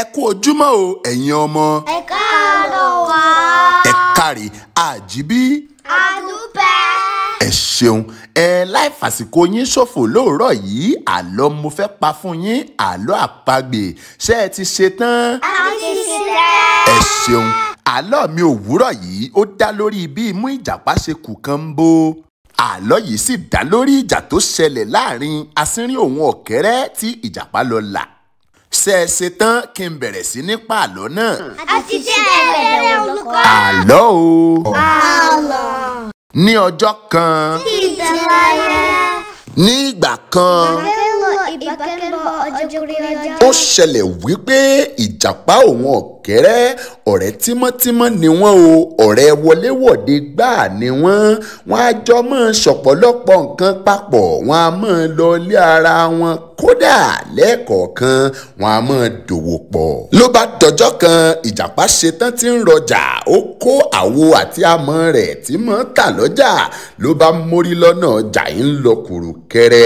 ẹ kú ojúmọ́ o ẹ̀yin ọmọ. ẹ káàárọ̀ wá. ẹ káre àjíbí. àdúpẹ́. ẹ ṣeun ẹ láì fàsìkò yín ṣòfò lóòrọ̀ yìí àlọ́ mo fẹ́ pa fún yín àlọ́ àpagbè ṣé ẹ ti ṣe tán. a ti ṣe. ẹ ṣeun àlọ́ mi òwúrọ̀ yìí ó dá lórí bí imú ìjàpá ṣe kù kan ń bó àlọ́ yìí sì dá lórí ìjà tó ṣẹlẹ̀ láàrin asínrín òun ọ̀kẹ́rẹ́ tí ìjàpá lọ là ṣe é ṣe tán kí n bẹ̀rẹ̀ sí ní pàlọ́ náà. Hmm. a ti ṣe ẹ̀rẹ̀ olùkọ́. àlọ́ o. àlọ́. ní ọjọ́ kan. kí ìjọba yẹ. ní ìgbà kan. àbẹ́ ó ṣẹlẹ̀ wípé ìjàpá òun ọ̀kan. Àkẹ́rẹ́ ọ̀rẹ́ tímọ́tímọ́ ni wọ́n o ọ̀rẹ́ wọléwọ̀de gbáà ni wọ́n wọ́n á jọ mọ́ ṣọ̀pọ̀lọpọ̀ nǹkan papọ̀ wọ́n á mọ́ lọ lé ara wọn kódà lẹ́ẹ̀kọ̀ọ̀kan wọ́n á mọ́ dòwò pọ̀. ló bá dọjọ́ kan ìjàpá ṣetán tí ń rọjà ó kó àwo àti amọ̀ rẹ̀ tí mọ́ tà lọ́jà ló bá mórí lọ́nà ọjà yìí ń lọ kùrù kẹrẹ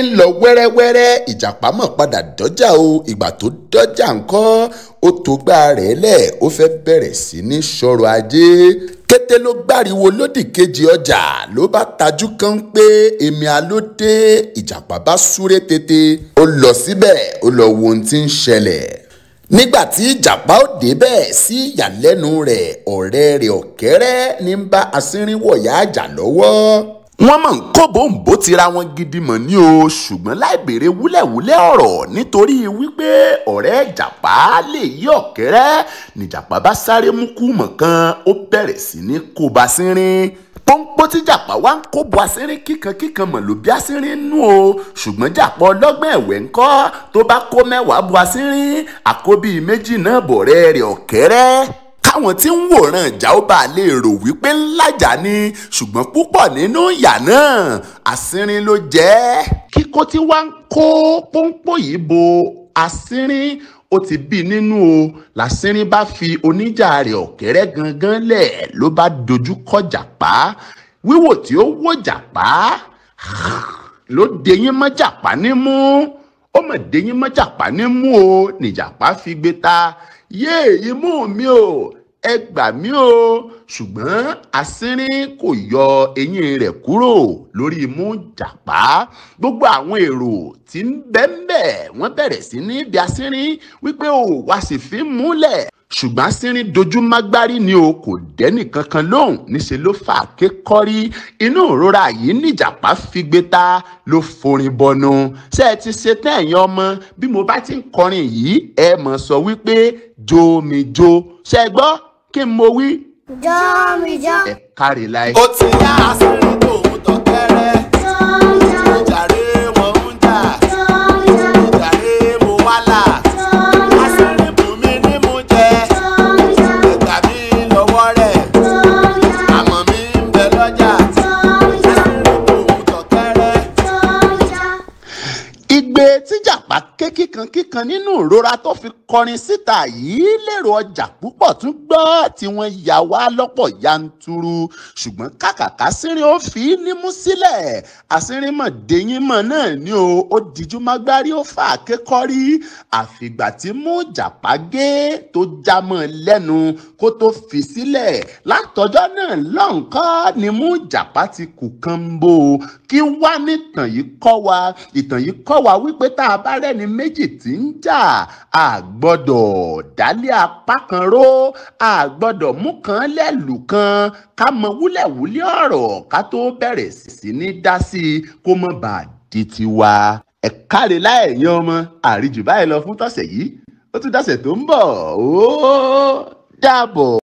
ń lọ wẹ́rẹ́wẹ́rẹ́ ìjàpá mọ̀ padà dọjà o ìgbà tó dọjà ńkọ́ ó tó gbá rẹ̀ rẹ̀ lẹ̀ ó fẹ́ bẹ̀rẹ̀ sí ní sọ̀rọ̀ ajé kété ló gbàriwo lódì kejì ọjà ló bá tajú kan pé èmi alóde ìjàpá bá súré tètè ó lọ síbẹ̀ ó lọ wo ohun tí ń ṣẹlẹ̀ nígbà tí ìjàpá ò débẹ̀ sí ìyàlẹ́nu rẹ̀ ọ̀rẹ́ rẹ̀ ọ̀kẹ́rẹ́ ní bá asínrínwọ̀yá àjà lọ́wọ́ wọ́n mọ̀ ń kóbóǹbó tira wọn gidi mọ̀ ní o ṣùgbọ́n láì béèrè wúlẹ̀wúlẹ̀ ọ̀rọ̀ nítorí wípé ọ̀rẹ́ ìjàpá lè yí ọ̀kẹ́rẹ́ níjàpá bá sáré mú kú mọ̀ kan ó bẹ̀rẹ̀ sí ní kóba sínrin pọ́npọ́n tí jàpá wá ń kóbo asínrín kíkankíkan mọ̀ ló bí asínrín nú o ṣùgbọ́n jàpá ọlọ́gbọ́n ẹ̀wẹ̀ ńkọ́ tó bá kó mẹ́wàá bu asínrín àkóbí méjì náà bọ̀ rẹ̀ ọ̀kẹ́rẹ́ káwọn tí ń wòran ìjà ó bá lè rò wípé ńlájà ni ṣùgbọ́n púpọ̀ nínú ìyà náà àsínrín ló jẹ́. kíkó tí wàá ń kó pọ́npọ́ yìí bo àsínrín ó ti bí nínú o làsínrín bá fi oníjà rẹ̀ ọ̀kẹ́rẹ́ gangan lẹ̀ ló bá dojú kọ jàpá wíwò tí ó wò jàpá ló dẹyìn mọ́ jàpá nímú ó mà déyín mọ́jàpá ní mú o nìjàpá fi gbé ta yéè imú mi o ẹ gbà mí o ṣùgbọ́n asínrín kò yọ eyín rẹ̀ kúrò lórí imú jàpá gbogbo àwọn èrò tí ń bẹ́ńbẹ́ wọ́n bẹ̀rẹ̀ sí ní bí asínrín wípé o wá sì fi múlẹ̀ ṣùgbọ́n sínrin dojúmágbárí ni o kò dẹ́nì kankan lóhùn níṣẹ́ ló fà ké kọ́rí inú ìrora yìí níjàpá figbe ta ló forin bọnu ṣé ẹ ti ṣe tán ẹ̀yin ọmọ bí mo bá ti ń kọrin yìí ẹ mọ̀ sọ wípé jó mi jo ṣé ẹ gbọ́ kí n mo wí. jó mi jó. ẹ kárí láì. ó ti yá àṣírí tòun tọ̀kẹ́rẹ́. jó mi jó. ปัด ké kíkan kíkan nínú ìrora tó fi kọrin síta yìí lérò ọjà púpọ̀ tún gbọ́ tí wọ́n yà wá lọ́pọ̀ yanturu ṣùgbọ́n kàkàkà sírin ó fi nímú sílẹ̀ àsírin mọ̀ déyín mọ̀ náà ni o ó dijú mágbárí ó fà kékọ́rí àfìgbà tí mú jàpá gé tó já mọ́ lẹ́nu kó tó fi sílẹ̀ látọjọ́ náà lọ́nkọ́ ni mú jàpá ti kù kan bò kí wá nìtàn yìí kọ́ wa ìtàn yìí kọ́ wa wípé tá a bá rẹ́ni méjì tí ń jà àgbọ́dọ̀ dálé apá kan ró àgbọ́dọ̀ mú kan lẹ́lù kan ká mọ wúlẹ̀wúlẹ̀ ọ̀rọ̀ ká tó bẹ̀rẹ̀ sí ní dá sí i kó mọ̀ bá a di tiwa. ẹ káre láẹ̀yán ọmọ àríjù báyìí lọ fún tọ̀sẹ̀ yìí ó tún dàsẹ̀ tó ń bọ̀ ó dàbọ̀.